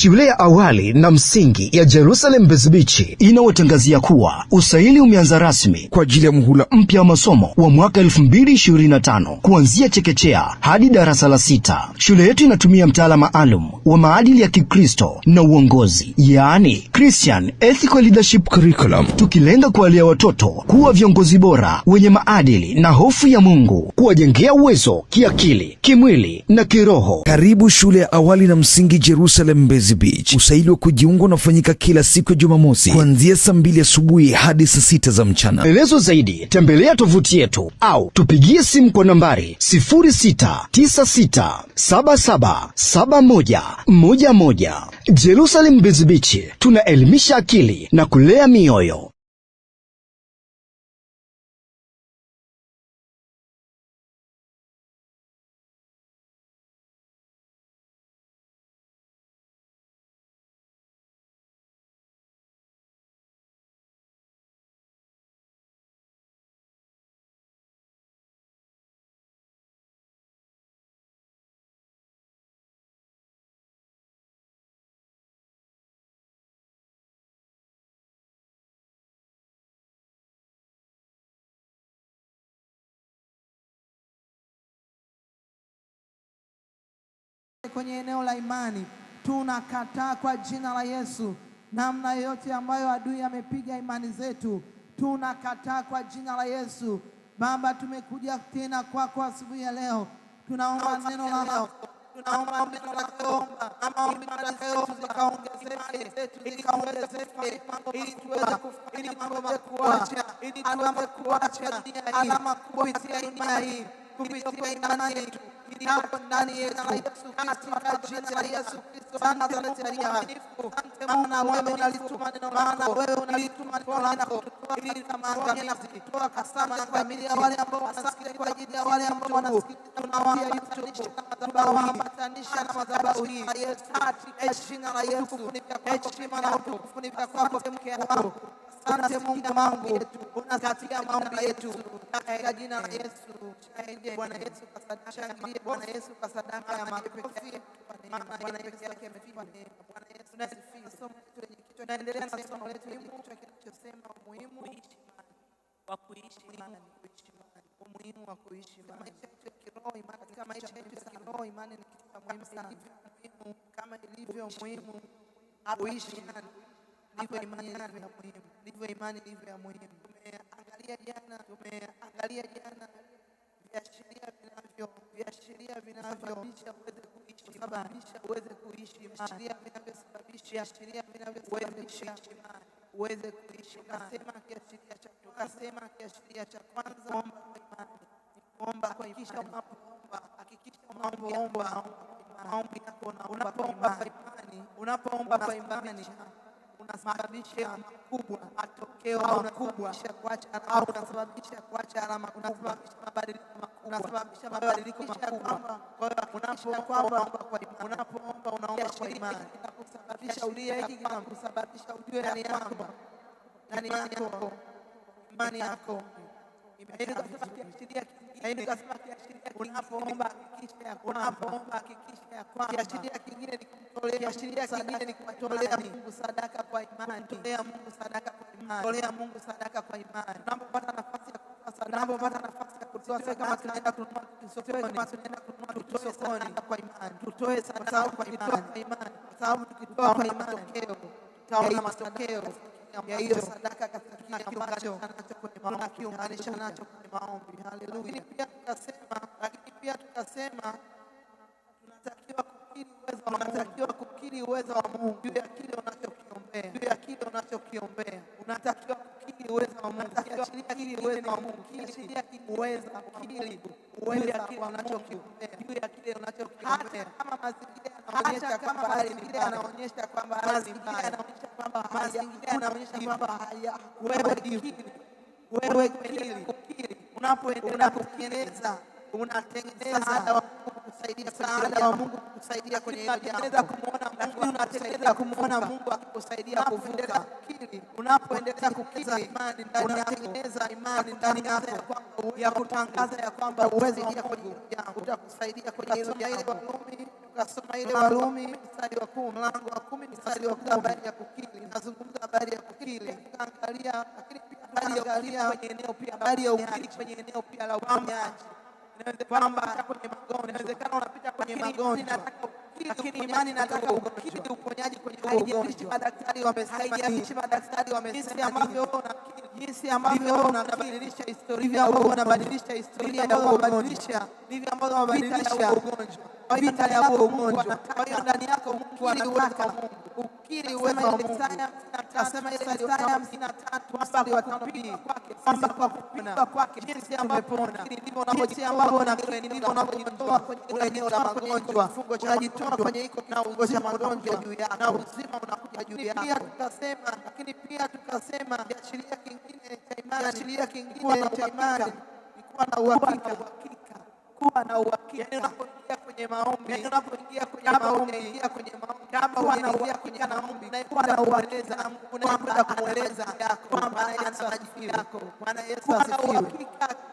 shule ya awali na msingi ya Jerusalem Bezibichi inawatangazia kuwa usaili umeanza rasmi kwa ajili ya muhula mpya wa masomo wa mwaka 2025 kuanzia chekechea hadi darasa la sita. Shule yetu inatumia mtaala maalum wa maadili ya Kikristo na uongozi, yaani Christian Ethical Leadership Curriculum, tukilenga kuwalia watoto kuwa viongozi bora wenye maadili na hofu ya Mungu, kuwajengea uwezo kiakili, kimwili na kiroho. Karibu shule ya awali na msingi Jerusalem Mbezi Mbezi Beach. Usaili wa kujiunga unafanyika kila siku ya Jumamosi kuanzia saa mbili asubuhi hadi saa sita za mchana. Maelezo zaidi tembelea tovuti yetu au tupigie simu kwa nambari 0696777111. Jerusalem Mbezi Beach, tunaelimisha akili na kulea mioyo. Kwenye eneo la imani tunakataa kwa jina la Yesu namna yote ambayo adui amepiga imani zetu, tunakataa kwa jina la Yesu. Baba, tumekuja tena kwako asubuhi ya leo, tunaomba neno lako, tunaomba neno la lako, maombi yetu zikaongezeke, zikaongezeke, ili tuweze kufanya mambo makubwa, ili tuweze kuacha alama kubwa kupitia imani hii, kupitia imani yetu ili ndani yetu katika jina la Yesu Kristo, sana tunatakia hapo maana wewe unalituma neno lako, wewe unalituma neno lako ili tutamangamiza kutoa kasama kwa familia ya wale ambao wanasikia, kwa ajili ya wale ambao wanasikia, tunawapatanisha tunawapatanisha na madhabahu hii katika jina la Yesu, heshima na utukufu, kufunika kwako mke wako Anasema Mungu wangu unasikia maombi yetu katika jina la Yesu. Shangilie Bwana Yesu kasadaka, shangilie Bwana Yesu kasadaka ya makofi. Bwana Yesu yake amepiga Bwana Yesu nasifiwe. Somo letu lenye kichwa naendelea na somo letu lenye kichwa kinachosema umuhimu wa kuishi imani, kuishi imani, umuhimu wa kuishi imani kiroho. Imani katika maisha yetu ya kiroho, imani ni kitu muhimu sana, kama ilivyo muhimu kuishi imani ndivyo imani ya muhimu, ndivyo imani ndivyo ya muhimu. Tumeangalia jana, tumeangalia jana viashiria vinavyo viashiria vinavyosababisha uweze kuishi sababisha uweze kuishi viashiria vinavyosababisha viashiria vinavyosababisha uweze kuishi. Tukasema kiashiria cha tukasema kiashiria cha kwanza kuomba kwa imani, kuomba kwa imani. Unapoomba hakikisha unaomba maombi yako, unaomba kwa imani, unapoomba kwa imani unasababisha kubwa matokeo makubwa, au unasababisha kuacha alama, unasababisha mabadiliko makubwa, unasababisha mabadiliko makubwa. Kwa hiyo unapoomba unapoomba unaomba kwa imani, inakusababisha ulie hiki, inakusababisha ujue ndani yako ndani yako imani yako imeweza kufikia Nikasema kiashiria kingine ni kumtolea Mungu sadaka kwa imani. Tunapopata nafasi ya kutoa sadaka kwa imani, tutoe sadaka kwa imani, kwa sababu tukitoa kwa imani tutaona matokeo ya hiyo sadaka katika kiunganisha nacho kwenye maombi. Haleluya. Lakini pia tukasema tunatakiwa kukiri uwezo wa Mungu juu ya kile unacho unachokiombea, juu ya kile unachokiombea, unatakiwa kukiri uweza wa Mungu, unatakiwa kukiri uweza wa Mungu, kisha uweza kukiri uweza wa unachokiombea, juu ya kile unachokiombea. Kama mazingira yanaonyesha kwamba hali ni mbaya, yanaonyesha kwamba hali ni mbaya, yanaonyesha kwamba hali yanaonyesha kwamba hali wewe, kukiri wewe, kukiri unapoendelea kukieleza unatengeneza msaada kwenye hilo unatengeneza kumwona Mungu akikusaidia kuvuka. Unapoendelea kukuza imani ndani yako, unatengeneza imani ndani yako ya kutangaza ya kwamba uwezi kuja kwenye hilo utakusaidia kwenye hilo jambo. Tukasoma ile Warumi mstari wa kumi, mlango wa kumi mstari wa kumi, habari ya kukiri, nazungumza habari ya kukiri, tukaangalia lakini pia habari ya kwenye eneo pia la uponyaji kwamba inawezekana unapita kwenye magonjwa lakini imani nataka ukiri uponyaji kwenye ugonjwa. Madaktari wamesaidia, madaktari wamesaidia jinsi ambavyo unabadilisha historia, unabadilisha historia, unabadilisha ndivyo ambavyo unabadilisha ugonjwa vita ya huo ugonjwa Kwa hiyo ndani yako ukiri uweza wa Mungu, ukiri uweza wa Mungu. Nasema Isaya 53 kwamba kwa kupigwa kwake jinsi ambavyo jinsi ambavyo unavyoondoa kwenye eneo la magonjwa, kifungo cha unajitoa kwenye iko na ugonjwa cha magonjwa juu yako, na uzima unakuja juu yako. Pia tukasema lakini pia tukasema kiashiria kingine cha imani, kiashiria kingine cha imani ni kuwa na uhakika, kuwa na uhakika yani kwenye maombi, tunapoingia kwenye maombi, ingia kwenye maombi. Kama wanaingia kwenye maombi, unaikuwa na uweleza na Mungu na kwenda kueleza yako Yesu asifiwe yako Bwana Yesu asifiwe,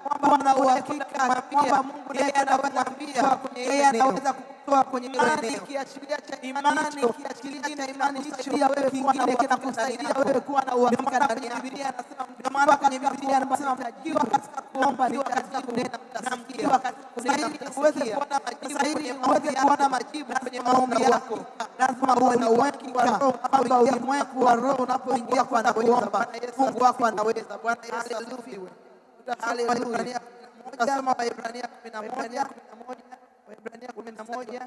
kwamba na uhakika kwamba Mungu ndiye anaweza kuambia yeye anaweza kukutoa kwenye ile eneo, kiashiria cha imani, kiashiria cha imani hicho wewe kingine kinakusaidia wewe kuwa na uhakika ndani yako. Biblia anasema, ndio maana kwenye Biblia anasema mtajiwa katika kuomba, ni katika kunena, mtasikia katika kuweza kuona majibu sahihi uweze kuona majibu kwenye maombi yako, lazima uwe na uhakika kwamba ulimwengu wa roho unapoingia kwenda kuomba, Mungu wako anaweza. Bwana Yesu asifiwe. Haleluya. Tasoma Waebrania 11 Waebrania 11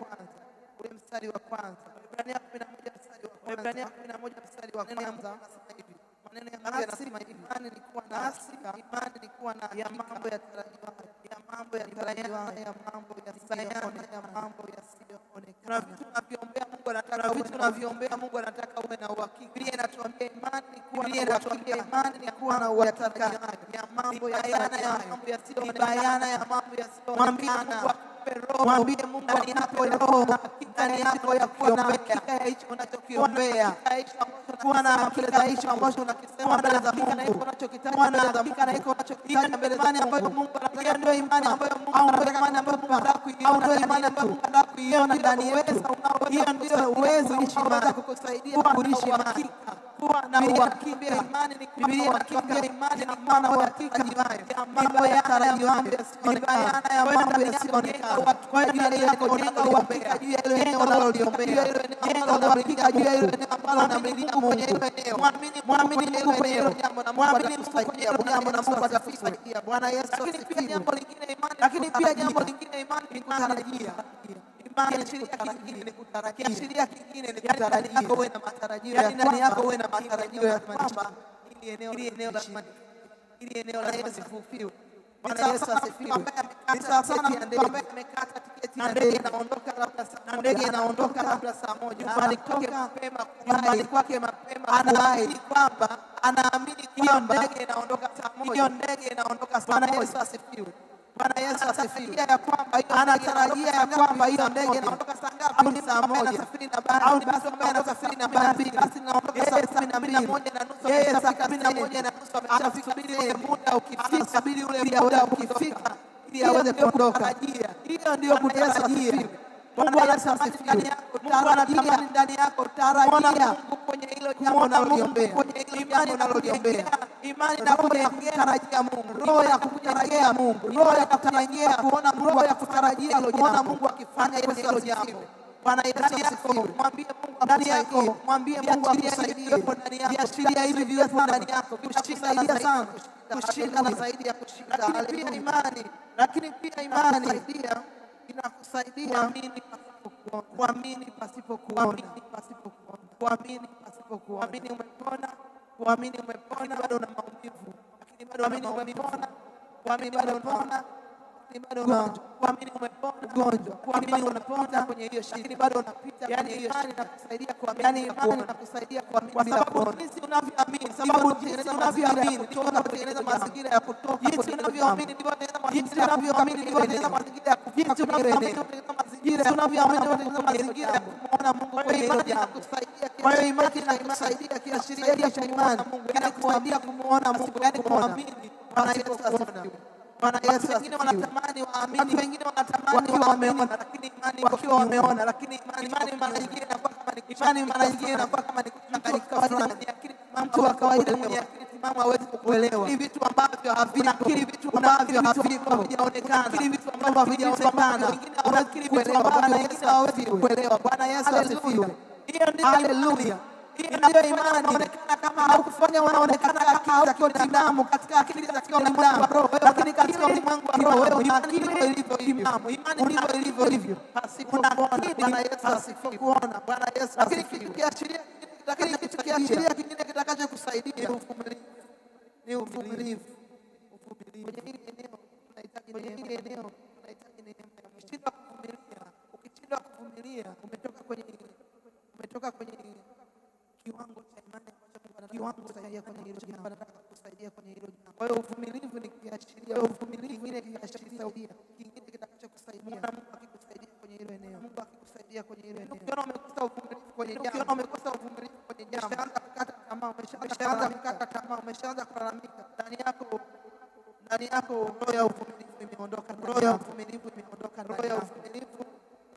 ule mstari wa kwanza, Waebrania 11 mstari wa kwanza maneno yanasema imani ni kuwa na hakika, imani ni kuwa na ya mambo yatarajiwayo, ya mambo yatarajiwayo, ya mambo sayana, ya mambo yasiyoonekana. Kuna vitu unavyoombea Mungu anataka uwe na uhakika. Biblia inatuambia imani ni kuwa na uhakika, imani ni kuwa na yatarajiwayo, ya mambo sayana, ya mambo yasiyoonekana. Mwambie Mungu Mpe roho, mwambie Mungu anipe roho ndani yako ya kuwa na hakika ya hicho unachokiombea, kuwa na hakika ya hicho ambacho unakisema mbele za Mungu, kuwa na hakika na hicho unachokitaja mbele za Mungu, ambayo ndio imani ambayo Mungu anataka, imani ambayo Mungu anataka, au ndio imani ambayo Mungu anataka kuiona ndani yetu. Hiyo ndio uwezo unaoweza kukusaidia kuishi hakika kuwa na uhakika imani ni Biblia inakimbia imani ni maana uhakika ambayo yatarajiwayo yasiyoonekana kwa ajili ya yako unanga uhakika juu ya ile eneo unaloliombea jenga uhakika juu ya ile eneo ambalo unamlilia Mungu mwamini mwamini Mungu kwenye hilo jambo na Mungu kwenye hilo jambo na Mungu atasaidia Bwana Yesu lakini pia jambo lingine imani lakini pia jambo lingine imani ni kutarajia kiashiria yaani kingine ni matarajio, yaani yaani wewe na matarajio ya ndani yako, wewe na matarajio ya kwamba ili eneo ili eneo la ili eneo la Yesu fufiwe. Bwana Yesu asifiwe. Ni sawa sana ambaye amekata tiketi na ndege inaondoka labda saa ndege inaondoka labda saa moja, nyumbani kwake mapema, nyumbani kwake mapema, anaahidi kwamba anaamini kwamba ndege inaondoka saa moja, ndege inaondoka saa moja. Bwana Yesu asifiwe. Bwana Yesu asifiwe, ya kwamba hiyo anatarajia ya kwamba hiyo ndege inaondoka saa ngapi? Ni Saa moja au ni basi ambaye anasafiri na mbili, basi naondoka saa 12 na moja na nusu. Yeye saa 12 na moja na nusu amesubiri ule muda ukifika, anasubiri ule muda ukifika ili aweze kuondoka. Hiyo ndio Bwana Yesu Bwana Mungu anatamani ndani yako, tarajia Mungu kwenye hilo jambo unaloliombea, kwenye hilo imani unaloliombea, imani na kumtarajia Mungu, roho ya kumtarajia Mungu, roho ya kutarajia kuona Mungu, ya kutarajia kuona Mungu akifanya hilo jambo. Bwana Yesu asifiwe. Mwambie Mungu ndani yako, mwambie Mungu akusaidie ndani yako, viashiria hivi viwepo ndani yako, kusaidia sana kushinda na zaidi ya kushinda. Lakini pia imani, lakini pia imani inakusaidia kuamini pasipokuona, kuamini pasipo kuamini. Umepona, kuamini umepona, bado una maumivu, lakini bado umepona, kuamini bado umepona lakini bado kuamini umepona mgonjwa, kuamini unapona kwenye hiyo shida, lakini bado unapita. Yani hiyo shida inakusaidia kuamini, yani imani inakusaidia kuamini, kwa sababu jinsi unavyoamini, sababu jinsi unavyoamini ndivyo unatengeneza mazingira ya kutoka, jinsi unavyoamini ndivyo unatengeneza mazingira ya kutoka, jinsi unavyoamini mazingira tunavyoamini mazingira ya kumwona Mungu kwa imani inakusaidia. Kwa hiyo imani inakusaidia kiashiria cha imani kinakusaidia kumwona Mungu, yani kuamini Bwana Yesu asifiwe. Bwana Yesu asifiwe. Wanatamani waamini, wengine wanatamani wameona, lakini imani wakiwa wameona, lakini imani mara nyingine inakuwa kama ni imani, mara nyingine inakuwa kama ni mtu wa kawaida mwenye mama hawezi kukuelewa. Ni vitu ambavyo havinakiri, vitu ambavyo havijaonekana, vitu ambavyo havijaonekana, unakiri vitu ambavyo hawezi kuelewa. Bwana Yesu asifiwe. Haleluya ndiyo imani inaonekana kama haukufanya, wanaonekana damu katika akili za roho, lakini katika ulimwengu wa roho ndivyo ilivyo imamu, imani ndivyo ilivyo hivyo, pasipo Bwana Yesu asikuona. Bwana Yesu lakini lakini kitu kingine kitakachokusaidia uvumilivu ni uvumilivu. Kwenye hili eneo unahitaji neema, unahitaji neema. Ukishindwa kuvumilia, ukishindwa kuvumilia, umetoka kwenye umetoka kwenye kiwango cha imani anataka kusaidia kwenye hilo. Kwa hiyo uvumilivu ni kiashiria, uvumilivu ile kiashiria kingine kitakachokusaidia kwenye hilo eneo. Mungu akikusaidia kwenye hilo eneo, ukiona umekosa uvumilivu kwenye jambo, ukiona umekosa uvumilivu kwenye jambo, umeshaanza kukata tamaa, umeshaanza kukata tamaa, umeshaanza kulalamika ndani yako ndani yako roho ya uvumilivu imeondoka, roho ya uvumilivu imeondoka, roho ya uvumilivu,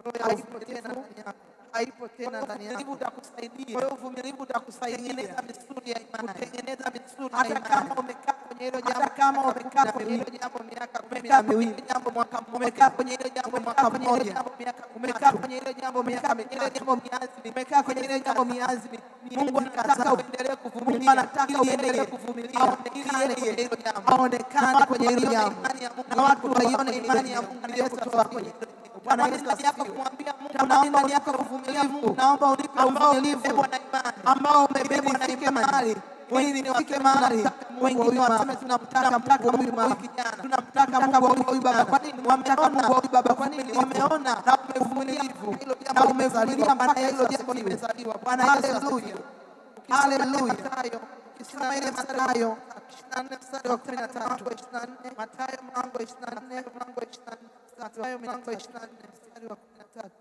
roho ya uvumilivu ndani yako haipo tena ndani yako, utakusaidia. Kwa hiyo kutengeneza misuli ya imani, kutengeneza misuli hata kama umekaa kwenye hilo jambo, kama umekaa kwenye hilo jambo miaka kumi na miwili, jambo mwaka mmoja, umekaa kwenye hilo jambo mwaka mmoja, umekaa kwenye hilo jambo miaka mitatu, umekaa kwenye hilo jambo miazi Mungu anataka uendelee kuvumilia, anataka uendelee kuvumilia, aonekane kwenye hilo jambo, aonekane kwenye hilo jambo, na watu waione imani ya Mungu iliyotokea kwenye hilo wanaingiza yako kumwambia Mungu, naomba ndani yako kuvumilia Mungu, naomba unipe uvumilivu ambao umebeba na imani wengine wafike mahali wengine waseme tunamtaka mtaka Mungu wa tunamtaka Mungu huyu baba. Kwa nini wamtaka Mungu huyu baba? Kwa nini wameona na umevumilivu na umezaliwa maana hilo jambo limezaliwa. Bwana haleluya, haleluya. Ukisoma ile Mathayo 24 mstari wa 13, Mathayo mlango 24 mlango 24 Tatuayo milango ishirini na mstari wa kumi na tatu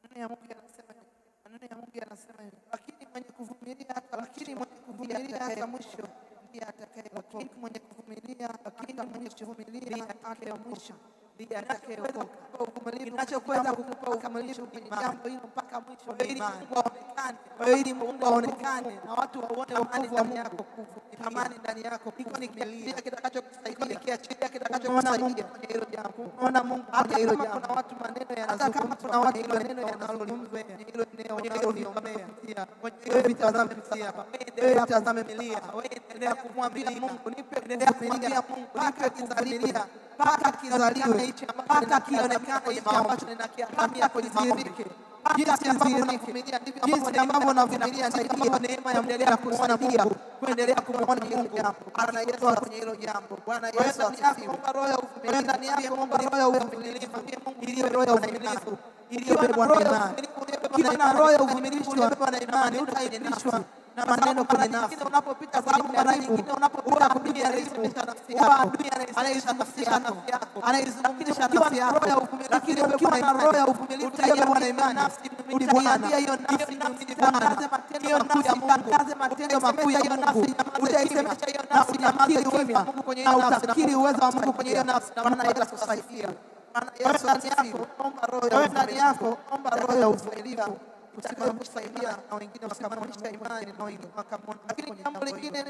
maneno ya Mungu yanasema maneno ya Mungu yanasema hivi, lakini mwenye kuvumilia hata lakini mwenye kuvumilia hata mwisho ndiye atakayeokoka. Mwenye kuvumilia lakini mwenye kuvumilia hata mwisho kinachokwenda kukupa ukamilifu ni jambo hilo mpaka mwisho, ili Mungu aonekane na watu waone wokovu wa Mungu, amani ndani yako. Iko ni kiashiria hilo jambo. Ona Mungu hata kama kuna watu maneno yanazungumzwa, neno yanazungumzwa, hilo neno unaloliombea wewe, mtazame pia wewe, mtazame milia wewe, endelea kumwambia Mungu, nipe, endelea kumwambia Mungu, nipe kizalilia hata kizaliwe, hata kionekane kile jinsi ambavyo navumilia ndivyo jinsi neema ya kuendelea kumwona Mungu, kuendelea kumwona Mungu. Bwana Yesu hilo jambo. Bwana Yesu asifiwe. ndani yako, Mungu, roho ya uvumilivu ili roho ya uvumilivu iliyobebwa na imani, kila roho ya uvumilivu na imani utaidinishwa na maneno kwenye nafsi. Unapopita sababu, mara nyingine unapopita kumjia Yesu, anaisemesha nafsi yako, anaizungumzisha nafsi yako ya uvumilivu. Lakini ukiwa na roho ya uvumilivu, utajawa na imani, utaiambia hiyo nafsi ni Bwana, hiyo nafsi ya Mungu, matendo makuu ya Mungu. Utaisemesha hiyo nafsi, nyamaza uwezo wa Mungu kwenye hiyo nafsi, utafikiri uwezo wa Mungu kwenye hiyo nafsi, na maana Yesu kusaidia. Maana Yesu ndani yako, omba roho ya uvumilivu, omba roho ya uvumilivu kutaka kusaidia na wengine wakamanisha imani na wengine wakamwona. Lakini jambo lingine,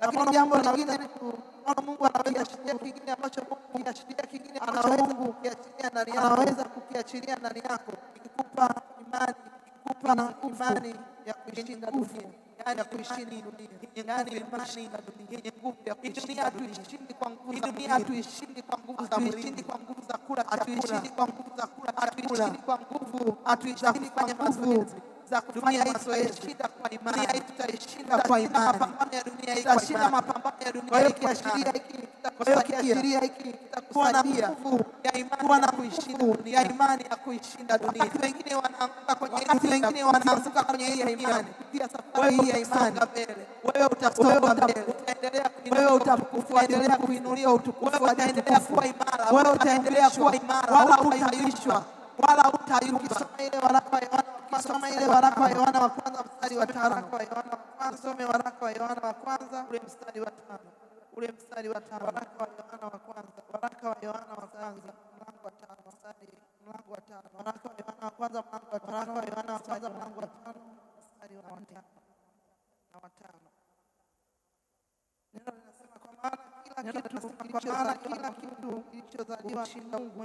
lakini jambo lingine kuona Mungu anawezaashiria kingine ambacho Mungu ashiria kingine anaweza kukiachilia ndani yako, anaweza kukiachilia ndani yako, ikikupa imani, ikikupa imani ya kuishinda dunia ya kuishini kwa nguvu za kula, atuishini kwa nguvu za kula, atuishini kwa nguvu za kula, atuishini kwa nguvu za kufanya mazoezi. Tutaishinda kwa imani, tutashinda mapambano ya dunia. Kwa hiyo hiki kitakusaidia kuwa na imani ya kuishinda dunia. Wakati wengine wanaanguka kwenye hii imani, pia safari hii ya imani wewe utasonga mbele, utaendelea kuinuliwa utukufu, utaendelea kuwa imara, wala hutayushwa wala hutaisoma ile waraka wa Yohana ukisoma ile waraka wa Yohana wa kwanza mstari wa tano waraka wa Yohana wa kwanza ule mstari wa tano ule mstari wa tano waraka wa Yohana wa kwanza waraka wa Yohana wa kwanza mlango wa tano mstari mlango wa tano waraka wa Yohana wa kwanza mlango wa tano waraka wa Yohana wa kwanza mlango wa tano mstari wa tano neno linasema kwa maana kila kitu kilichozaliwa na Mungu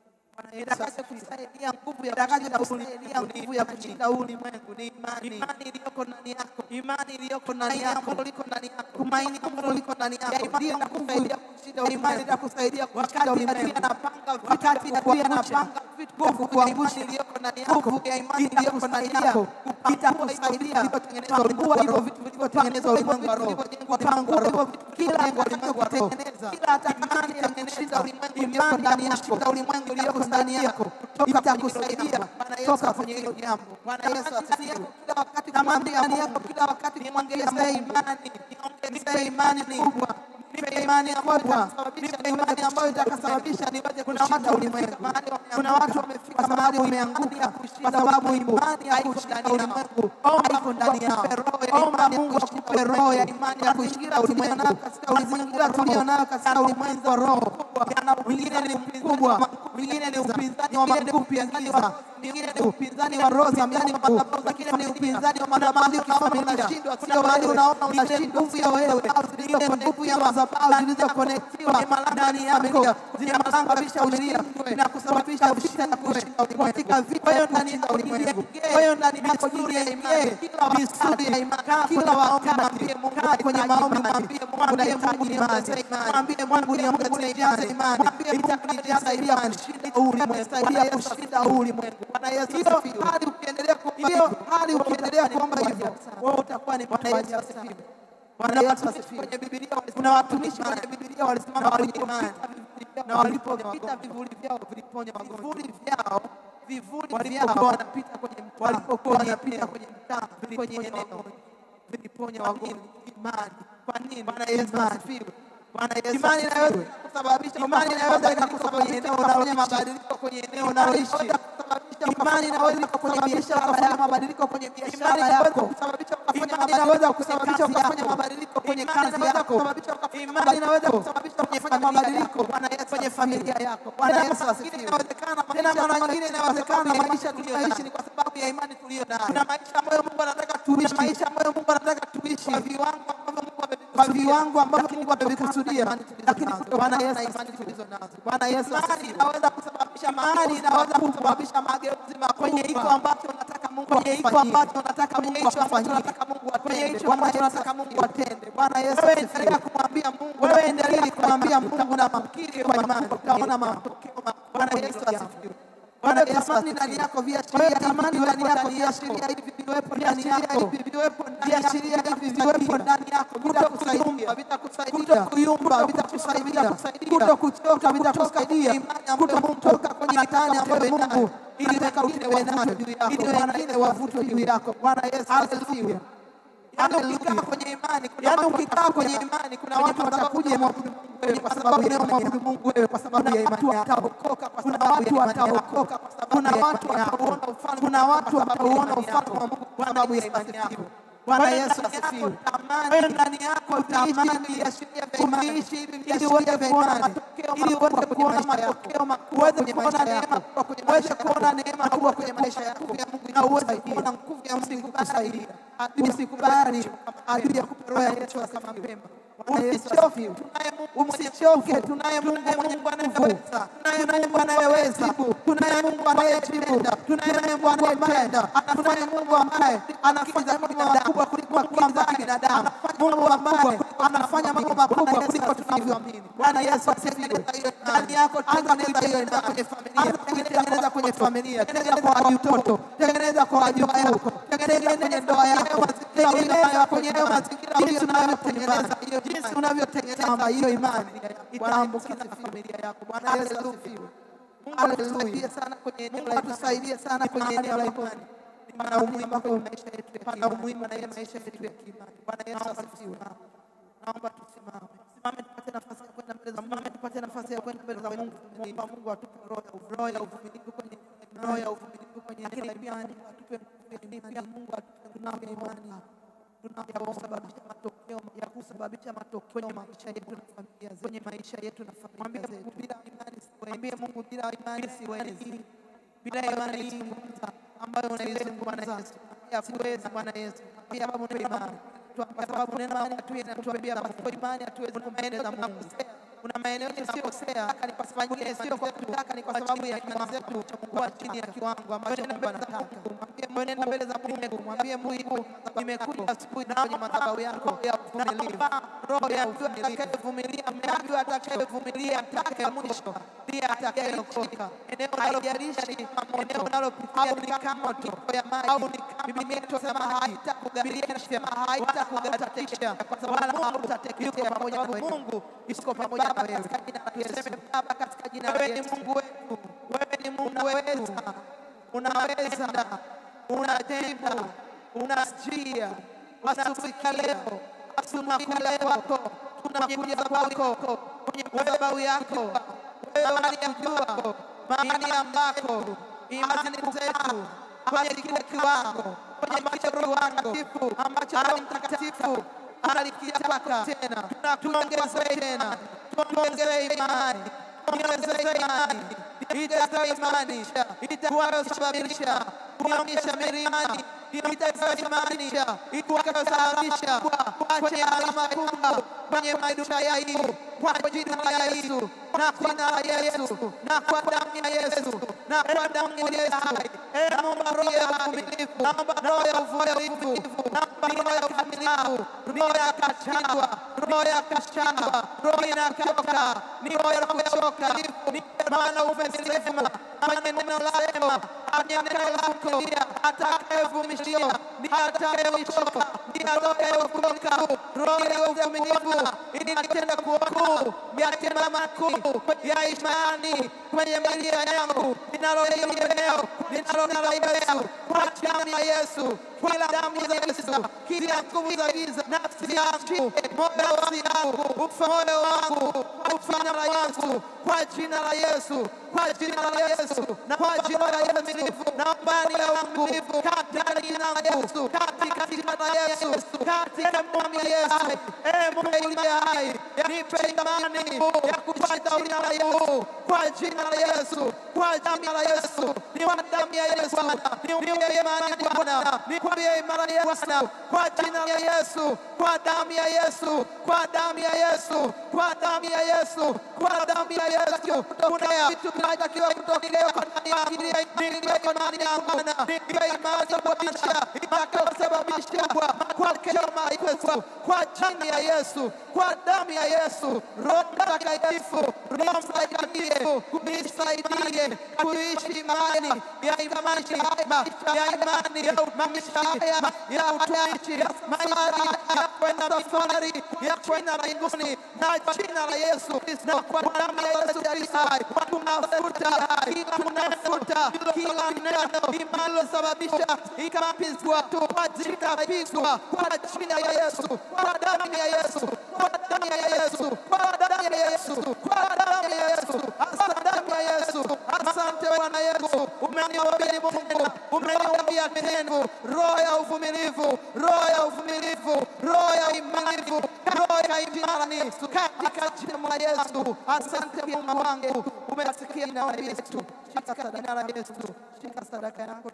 kusaidia nguvu ya kushinda ulimwengu ni imani iliyoko ndani yako, imani iliyoko ndani yako, liko ndani yako, tumaini ambalo liko ndani yako, ndio nguvu ya kushinda ulimwengu, itakusaidia kushinda ulimwengu. Napanga vita, napanga kwa kuangusha iliyoko ndani yako ya imani iliyoko ndani yako itakusaidia kutengeneza ulimwengu hivyo vitu vilivyotengenezwa ulimwengu wa roho mpango wa roho kila ulimwengu wa roho kila tamani ya kushinda ulimwengu iliyoko ndani yako kushinda ulimwengu iliyoko ndani yako itakusaidia Bwana kwenye hilo jambo Bwana Yesu asifiwe kila wakati tamani yako kila wakati nimwongezee imani niongezee imani kubwa nipe imani imani ambayo itakasababisha niweze kushinda ulimwengu. Kuna watu wamefika mahali wameanguka kwa sababu imani haikushinda ulimwengu. Omba iko ndani yao, omba Mungu akupe roho ya imani ya kushinda ulimwengu. Mazingira tulionao katika ulimwengu wa roho, mwingine ni mkubwa mwingine ni upinzani wa madhehebu kupiangiza, mwingine ni upinzani wa roho za Mungu, mwingine ni upinzani wa madhehebu kifamilia. Unashindwa kila mahali, unaona unashindwa nguvu ya wewe, kwa nguvu ya madhabahu zilizoconnectiwa ndani yako, kabisa ushirika na kusababisha ushirika na kushinda katika vita. Kwa Hiyo ndani ya ulimwengu, kwa hiyo ndani ya desturi ya imani, kila misuli ya imani, kila wakati Mungu kwenye maombi, mwambie Mungu, unahitaji imani, mwambie Mungu, niongeze imani, mwambie Mungu, nijaze imani kushinda ulimwengu, yasaidia kushinda ulimwengu. Bwana Yesu asifiwe. Hali ukiendelea kuomba hivyo, hali ukiendelea kuomba hivyo, wewe utakuwa ni mtu wa Yesu asifiwe. Bwana Yesu asifiwe. Kwenye Biblia kuna watumishi wa Biblia walisimama kwenye imani na walipopita vivuli vyao viliponya magonjwa, vivuli vyao vivuli vyao wanapita kwenye walipokuwa wanapita kwenye mtaa kwenye eneo viliponya wagonjwa. Imani. Kwa nini? Bwana Yesu asifiwe imani inaweza kusababisha imani inaweza ikakusababishia unafanya mabadiliko kwenye eneo unaloishi. Imani inaweza kusababisha ukafanya mabadiliko kwenye biashara yako. Imani inaweza kusababisha ukafanya mabadiliko kwenye kazi yako. Imani inaweza kusababisha ukafanya mabadiliko kwenye familia yako. Bwana Yesu asifiwe. Tena mara nyingine inawezekana maisha tunayoishi ni kwa sababu ya imani tuliyo nayo. Kuna maisha ambayo Mungu anataka tuishi, maisha ambayo Mungu anataka tuishi kwa viwango ambavyo Mungu amekusudia tulizokusudia lakini Bwana Yesu anaweza kusababisha maani, anaweza kusababisha mageuzi kwenye hicho ambacho unataka Mungu kwenye hicho ambacho unataka Mungu unataka Mungu atende. Hicho ambacho unataka Mungu atende. Bwana Yesu endelea kumwambia Mungu, wewe endelea kumwambia Mungu na mamkiri kwa imani, utaona matokeo. Bwana Yesu asifiwe. Tamani ndani yako viashiria tamani ndani yako viashiria hivi viwepo ndani yako viwepo viashiria Mungu ili wavutwe juu yako. Bwana Yesu asifiwe. Yaani yaani ukikaa kwenye imani, yaani ukikaa kwenye imani, kuna watu watakuja kwa sababu ya mwabudu Mungu wewe, kwa sababu ya imani yako. Kuna watu wataokoka, kuna watu watauona ufalme, kuna watu watauona ufalme wa Mungu kwa sababu ya imani yako. Bwana Yesu asifiwe. Ndani yako tamani ya sheria kuishi hivi uweze kuona matokeo, ili uweze kuona matokeo makuu, uweze kuona neema, uweze kuona neema kubwa kwenye maisha yako, na uweze kuona nguvu ya Mungu kusaidia adui sikubali, adui ya kupewa ya kuchua kama mapema. Usichoke, tunaye Mungu anayeweza, tunaye Mungu anayeweza, tunaye Mungu anayetenda, tunaye Mungu anayetenda, tunaye Mungu ambaye anafanya mambo makubwa kuliko binadamu, Mungu ambaye anafanya mambo makubwa kuliko tunavyoamini. Bwana Yesu asifiwe. Ndani yako tengeneza hiyo ndoa kwenye familia, tengeneza kwenye familia, tengeneza kwa watoto, tengeneza kwa wajukuu yako, tengeneza kwenye ndoa yako, tengeneza kwenye mazingira unayotengeneza hiyo jinsi unavyotengeneza hiyo imani itaambukiza familia yako. Bwana Yesu asifiwe. Mungu atusaidie sana kwenye eneo la atusaidie sana kwenye eneo la imani. Pana umuhimu kwa maisha yetu, pana umuhimu na maisha yetu ya kiimani. Bwana Yesu asifiwe. Naomba tusimame, simame, tupate nafasi ya kwenda mbele za Mungu, tupate nafasi ya kwenda mbele za Mungu. Naomba Mungu atupe roho ya ya uvumilivu kwenye roho ya uvumilivu kwenye eneo la imani, atupe nguvu ya Mungu atupe nguvu ya imani. kusababisha matokeo kwenye maisha yetu na familia zetu, kwenye maisha yetu na familia zetu. Bila imani siwezi, mwambie Mungu, bila imani siwezi, bila imani ambayo Bwana Yesu, pia babu, imani, kwa sababu neno tu inatuambia kwa imani hatuwezi kumpendeza Mungu. kuna maeneo tunakosea ni kwa sababu nyingine, sio kwa kutaka, ni kwa sababu ya kiwango chetu cha kuwa chini ya kiwango ambacho Mungu anataka. Nenda mbele za Mungu, mwambie Mungu, nimekuja asubuhi na kwenye madhabahu yako ya kuvumilia, roho ya atakayevumilia, mtu atakayevumilia mpaka mwisho ndiye atakayeokoka. Eneo unalojarishi, eneo unalopitia ni kama tope ya maji, au ni Biblia inasema haitakugaririsha, haitakugatatisha, kwa sababu Mungu atakuwa pamoja na Mungu, isiko pamoja Baba, katika jina la Yesu. Baba, katika jina la Yesu. Wewe ni Mungu wetu, wewe ni Mungu wetu, unaweza, unatenda, unasikia, unasikia leo, tunakuja kwako, tunakuja kwako kwenye madhabahu yako, wewe unajua mahali ambako imani zetu kwenye kile kiwango kwenye kiwango ambacho Roho Mtakatifu analikiapaka tena, tunakuongeza tena tuongeze imani, tuongeze imani, itatuimanisha, itatusababisha kuonyesha milimani itatuimanisha, itatusababisha kuacha alama kubwa kwenye maisha yetu kwa jina la Yesu na kwa jina la Yesu na kwa damu ya Yesu na kwa damu ya Yesu. E, naomba roho ya uvumilivu, naomba roho ya uvumilivu, naomba roho ya uvumilivu, roho ya kashangwa, roho ya kashangwa, roho inachoka, ni roho ya kuchoka, maana umesema maneno lazima anianelakulia atakayevumilia ni atakayechoka, ni atakayevuka roho ya uvumilivu inatenda kuokoa yangu biatemba makuu ya imani kwenye milia yangu linaloiegemeo linalonalaibeu kwa damu ya Yesu. Kila damu za Yesu, kila nguvu za giza, nafsi o moyo é o moyo wangu, ufa nafsi é yangu, kwa jina la Yesu, é kwa jina la Yesu, é na kwa jina la Yesu, na mbali ya wangu, katika jina la Yesu, katika jina la Yesu, katika mwami Yesu, e Mungu uliye hai, nipe imani ya kushinda jina la Yesu, kwa jina la Yesu, kwa jina la Yesu, ni wa damu ya Yesu, ni imani Bwana, ni Maria, Kwa neema ya Bwana, kwa jina la Yesu, kwa damu ya Yesu, kwa damu ya Yesu, kwa damu ya Yesu, kwa damu ya Yesu. Kutokea vitu vinatakiwa kutokelewa kwa ndani yangu, niliweka ndani yangu na ndiyo inayosababisha inayosababisha kwa kema Yesu, kwa jina ya Yesu, kwa damu ya Yesu. Roho Mtakatifu, Roho msaidie, kunisaidie kuishi imani ya imani ya imani ya imani ya maisha haya ya utumishi, safari ya kwenda safari ya kwenda mbinguni na jina la Yesu na kwa damu ya Yesu Kristo tunafuta tunafuta kila neno linalosababisha ikapigwa, tukapigwa kwa jina ya Yesu, kwa damu ya Yesu, kwa damu ya Yesu, kwa damu ya Yesu, kwa damu ya Yesu. Baraka Yesu, asante Bwana Yesu, umeniambia ni Mungu, umeniambia tenu, roho ya uvumilivu, roho ya uvumilivu, roho ya imanivu, roho ya imani katika jina la Yesu. Asante Bwana wangu, umesikia jina Yesu, shika sadaka yako, shika sadaka yako.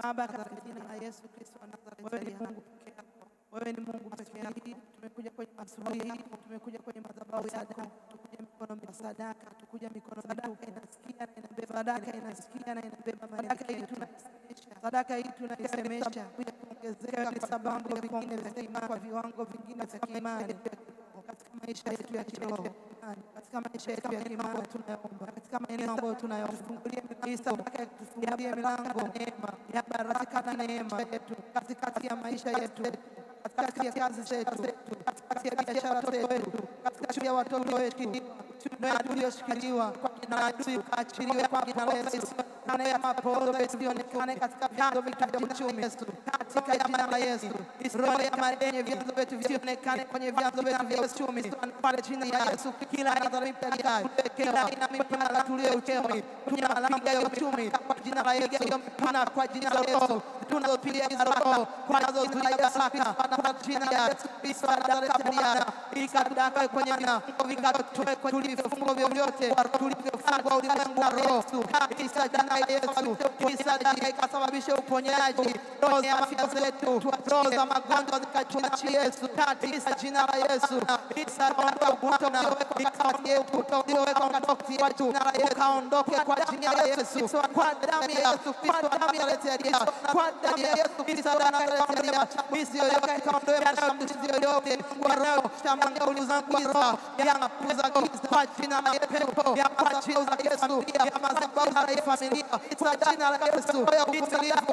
Baba, katika jina la Yesu Kristo wa Nazareti, wewe ni Mungu peke yako. Tumekuja kwenye asubuhi hii, tumekuja kwenye madhabahu yako, tukuja mikono ya sadaka, tukuja mikono sadaka inasikia na inabeba sadaka inasikia na inabeba sadaka hii tunaisemesha, sadaka hii tunaisemesha kuja kuongezeka kwa sababu ya kuongezeka kwa viwango vingine vya imani katika maisha yetu ya kiroho katika maisha yetu ya kiroho tunaomba katika maeneo ambayo tunayofungulia milango, tufungulie milango neema ya baraka na neema yetu katikati ya maisha yetu, katikati ya kazi zetu, katikati ya biashara zetu, katikati ya watoto wetu tulioshikiliwa kwa jina la Yesu, ukaachiliwe kwa jina la Yesu, na neema pozo isionekane katika vyanzo vya uchumi Yesu katika jina la Yesu. Roho ya madeni vyanzo vyetu vionekane kwenye vyanzo vyetu vya uchumi pale chini ya Yesu, kila aina mipaka kila aina mipaka tulio uchumi alama ya uchumi kwa jina la Yesu, pana kwa jina la Yesu tunazopiga hizo roho kwanazozuia baraka kwa jina la Yesu Kristo adaretariana ikadakae kwenye na tuwe kwa tulivyofungo vyovyote tulivyofungwa ulimwengu wa roho, kisa jina la Yesu, kisa jina ikasababisha uponyaji roho É eu mafia zetu, roho za magonjwa zikachuachia Yesu, tati isa jina la Yesu, isa ondoa ugonjwa uliowekwa katikati yetu, uliowekwa katikati yetu, ukaondoke kwa jina la Yesu, kwa damu ya Yesu Kristo wa Nazareti ya Yesu, kwa damu ya Yesu Kristo wa Nazareti ya Yesu, mwizi yoyote ikaondoe mashambulizi yoyote kwa roho shambulizi zangu hizo, yanapuza giza kwa jina la Yesu, ya kwa jina la Yesu, ya madhabahu za familia, kwa jina la Yesu, ya uvumilivu,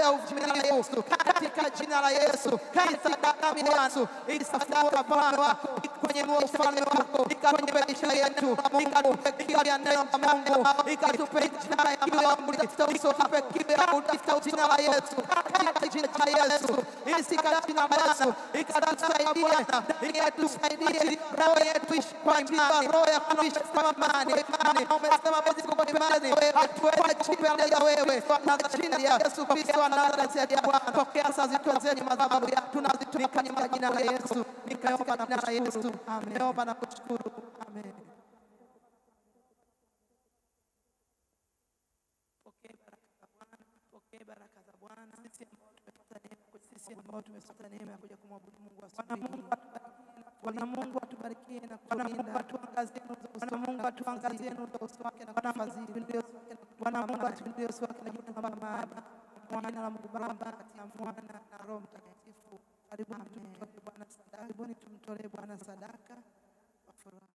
ya uvumilivu Yesu, katika jina la Yesu, kanisa damu Yesu isso Bwana wako ikanunue ufalme wako, ikatupe maisha yetu, ikatupe kiu ya neno la Mungu, ikatupe njaa ya kiu ya Mungu, ikatupe kiu ya isso katika jina la Yesu, katika jina la Yesu, isika jina la Yesu, ikatusaidie dini yetu, isso roho yetu ishi kwa imani, roho ya kuishi kwa imani, imani umesema basi kwa imani, hatuachi mbele ya wewe, kwa jina la Yesu Kristo wa Nazareti. ya Bwana, pokea saa zetu zenye madhabahu ya tunazitunika kwa jina la Yesu, nikaomba na kwa Yesu, amen. na kushukuru, amen. Bwana, Mungu Bwana Mungu atubarikie na kutulinda. Mungu atuangazie nuru za uso wake na kutupa Bwana Mungu atulie uso wake na jua kama kwa jina la Mungu Baba, katika Mwana na Roho Mtakatifu. Karibuni tumtolee Bwana sadaka. furaha.